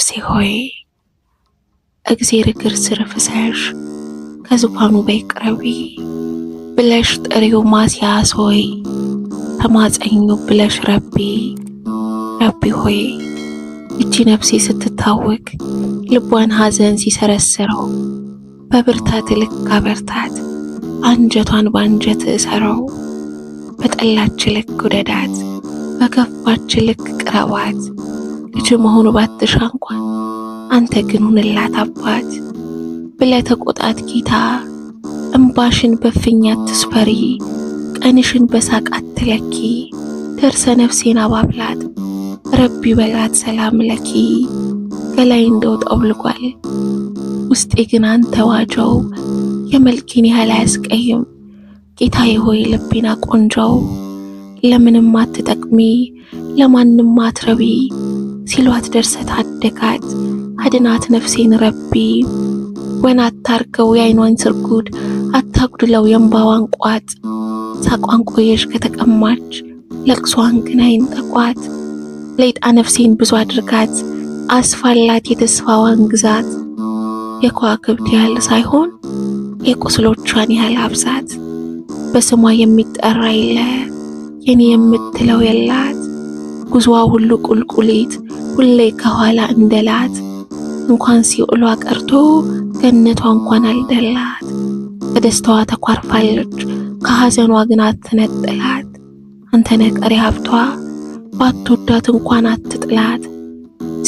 ነፍሴ ሆይ እግዜር እግር ስር ፍሰሽ ከዙፋኑ በይቅረቢ ብለሽ ጥሪው ማስያስ ሆይ ተማጸኙ ብለሽ ረቢ ረቢ ሆይ እቺ ነፍሴ ስትታወክ ልቧን ሐዘን ሲሰረስረው በብርታት ልክ አበርታት፣ አንጀቷን በአንጀት እሰረው። በጠላች ልክ ውደዳት፣ በከፋች ልክ ቅረባት። ልጅ መሆኑ ባትሻ እንኳን አንተ ግን ሁንላት አባት ብለህ ተቆጣት ጌታ። እምባሽን በፍኛ አትስፈሪ፣ ቀንሽን በሳቅ አትለኪ። ደርሰ ነፍሴን አባብላት ረቢ በላት ሰላም ለኪ። ከላይ እንደው ጠውልጓል ውስጤ ግን አንተ ዋጀው የመልኪን ያህል አያስቀይም ጌታዬ ሆይ ልቤና ቆንጆው ለምንም አትጠቅሚ ለማንም አትረቢ ሲሏት ደርሰት አደጋት አድናት ነፍሴን ረቢ ወን አታርገው የአይኗን ስርጉድ አታጉድለው የእንባዋን ቋጥ ሳቋን ቆየሽ ከተቀማች ለቅሷን ግን አይን ተቋት ለይጣ ነፍሴን ብዙ አድርጋት አስፋላት የተስፋዋን ግዛት የከዋክብት ያህል ሳይሆን የቁስሎቿን ያህል አብዛት በስሟ የሚጠራ የለ የኔ የምትለው የላት ጉዞዋ ሁሉ ቁልቁሊት ሁሌ ከኋላ እንደላት እንኳን ሲኦሏ ቀርቶ ገነቷ እንኳን አልደላት። በደስታዋ ተኳርፋለች፣ ከሐዘኗ ግን አትነጥላት። አንተ ነቀሪ ሀብቷ ባትወዳት እንኳን አትጥላት።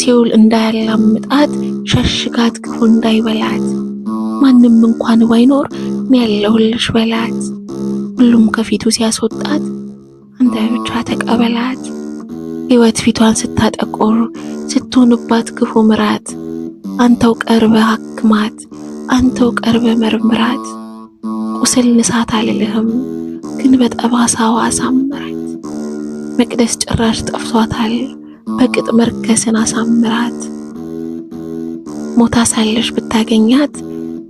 ሲውል እንዳያላምጣት ሸሽጋት፣ ክፉ እንዳይበላት ማንም እንኳን ባይኖር እኔ ያለሁልሽ በላት። ሁሉም ከፊቱ ሲያስወጣት አንተ ብቻ ተቀበላት። ህይወት ፊቷን ስታጠቆር ስትሆንባት ክፉ ምራት አንተው ቀርበ ሐክማት አንተው ቀርበ መርምራት። ቁስል ንሳት አልልህም ግን በጠባሳዋ አሳምራት። መቅደስ ጭራሽ ጠፍቷታል በቅጥ መርከስን አሳምራት። ሞታ ሳለሽ ብታገኛት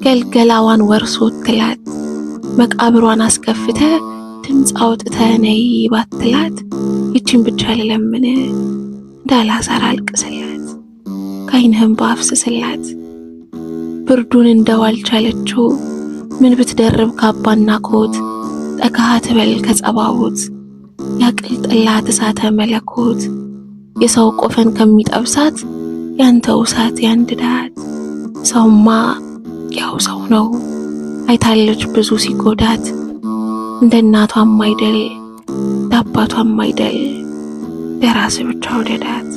ገልገላዋን ወርሶ ትላት መቃብሯን አስከፍተ ድምፅ አውጥተ ነይ ባትላት ይችን ብቻ ልለምን እንዳላዛር አልቅስላት፣ ከአይንህም ባፍስስላት ብርዱን እንደዋልቻለችው ምን ብትደርብ ካባና ኮት ጠጋ ትበል ከጸባቦት ያቅልጥላት እሳተ መለኮት የሰው ቆፈን ከሚጠብሳት ያንተው እሳት ያንድዳት። ሰውማ ያው ሰው ነው አይታለች ብዙ ሲጎዳት እንደ እናቷም አይደል አባቷም አይደል በራስ ብቻ ወደዳት።